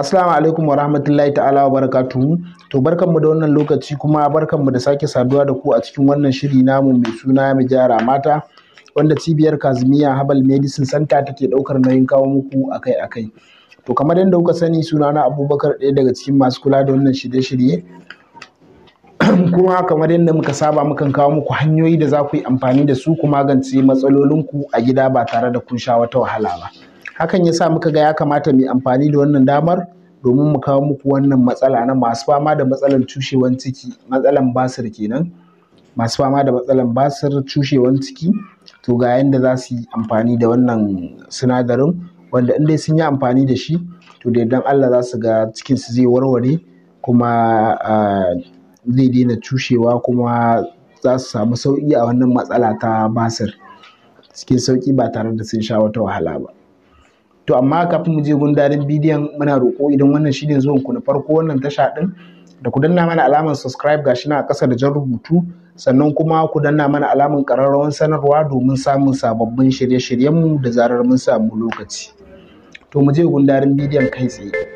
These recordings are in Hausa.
Assalamu alaikum wa rahmatullahi ta'ala wa barakatuhu. To barkanmu da wannan lokaci kuma barkanmu da sake saduwa da ku a cikin wannan shiri namu mai suna mu gyara mata wanda cibiyar Kazimiya Habal Medicine Center take daukar nauyin kawo muku akai-akai. To kamar yadda kuka sani suna na Abubakar ɗaya daga cikin masu kula da wannan shirye-shirye. kuma kamar yadda muka saba mukan kawo muku hanyoyi da za ku yi amfani da su ku magance matsalolinku a gida ba tare da kun sha wata wahala ba. hakan ya sa muka ga ya kamata mu amfani da wannan damar domin mu kawo muku wannan matsala na masu fama da matsalar cushewan ciki matsalan basir kenan masu fama da matsalar basir cushewan ciki to ga yanda za su yi amfani da wannan sinadarin wanda in dai sun yi amfani da shi to da Allah za su ga cikin su zai warware kuma zai daina cushewa kuma za su samu sauki a wannan matsala ta basir cikin sauki ba tare da sun sha wata wahala ba to amma kafin mu je gundarin bidiyon muna roƙo idan wannan shine zuwan ku na farko wannan tasha din da ku danna mana alamar subscribe gashi na a ƙasa da jan rubutu sannan kuma ku danna mana alamar ƙararrawar sanarwa domin samun sababbin shirye-shiryenmu da zarar mun samu lokaci to mu je gundarin bidiyon kai tsaye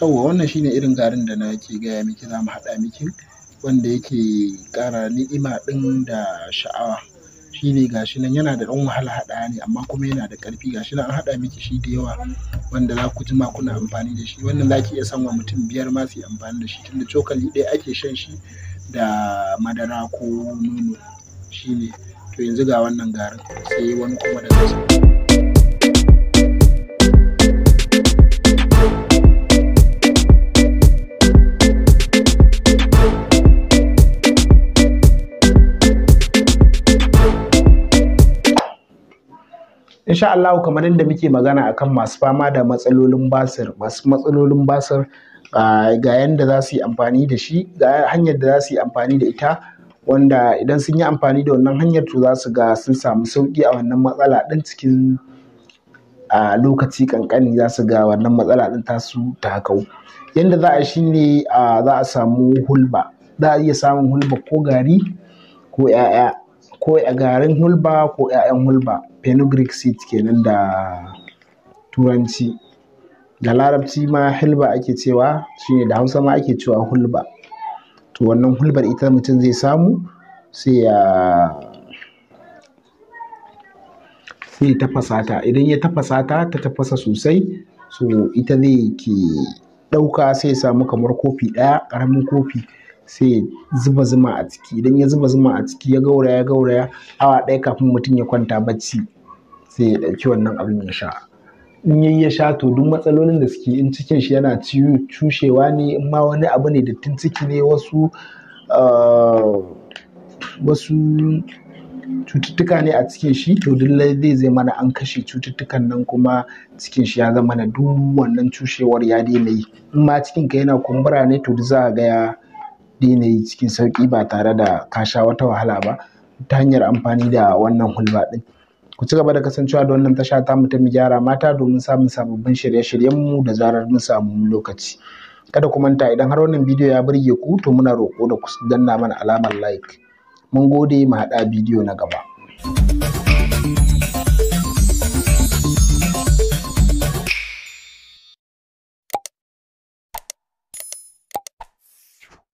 Yauwa wannan shine irin garin da na ke gaya miki za mu haɗa miki wanda yake ƙara ni'ima ɗin da sha'awa. Shi ne shi nan yana da ɗan wahala haɗawa ne amma kuma yana da ƙarfi. Ga shi nan an haɗa miki shi da yawa wanda za ku jima kuna amfani da shi. Wannan za ki iya wa mutum biyar ma su yi amfani da shi tunda cokali ɗaya ake shan shi da madara ko nono. Shi ne. To yanzu ga wannan garin sai wani kuma da zai insha Allah kamar yadda muke magana akan masu fama da matsalolin basir masu matsalolin basir ga yadda za su yi amfani da shi ga hanyar da za su yi amfani da ita wanda idan sun yi amfani da wannan hanyar to za su ga sun samu sauki a wannan matsala ɗin cikin a lokaci kankani za su ga wannan matsala ɗin tasu ta hakau yadda za a shi ne za a samu hulba za a iya samun hulba ko gari ko 'ya'ya ko garin hulba ko ƴaƴan hulba fenugreek seed kenan da turanci da larabci ma hulba ake cewa shine da hausa ma ake cewa hulba to wannan hulbar ita mutum zai samu sai ya sai ya tafasa ta idan ya tafasa ta ta tafasa sosai so ita zai ke ɗauka sai ya samu kamar kofi ɗaya ƙaramin kofi sai ya zuba zuma a ciki idan ya zuba zuma a ciki ya gauraya ya gauraya awa ɗaya kafin mutum ya kwanta bacci sai ya ɗauki wannan abin ya sha in yayi ya sha to duk matsalolin da suke in cikin shi yana ciwo cushewa ne in ma wani abu ne dattin ciki ne wasu ah, wasu cututtuka ne a cikin shi to duk zai zai mana an kashe cututtukan nan kuma cikin shi ya zama na duk wannan cushewar ya daina yi in ma cikin ka yana kumbura ne to duk za ga ya yanayi cikin sauƙi ba tare da ka sha wata wahala ba ta hanyar amfani da wannan hulba ɗin. Ku ci gaba da kasancewa da wannan tasha ta mu ta mu gyara mata domin samun sababbin shirye-shiryenmu da zarar mun samu lokaci. Kada ku manta idan har wannan bidiyo ya burge ku to muna roƙo da ku danna mana alamar like. Mun gode mu haɗa bidiyo na gaba.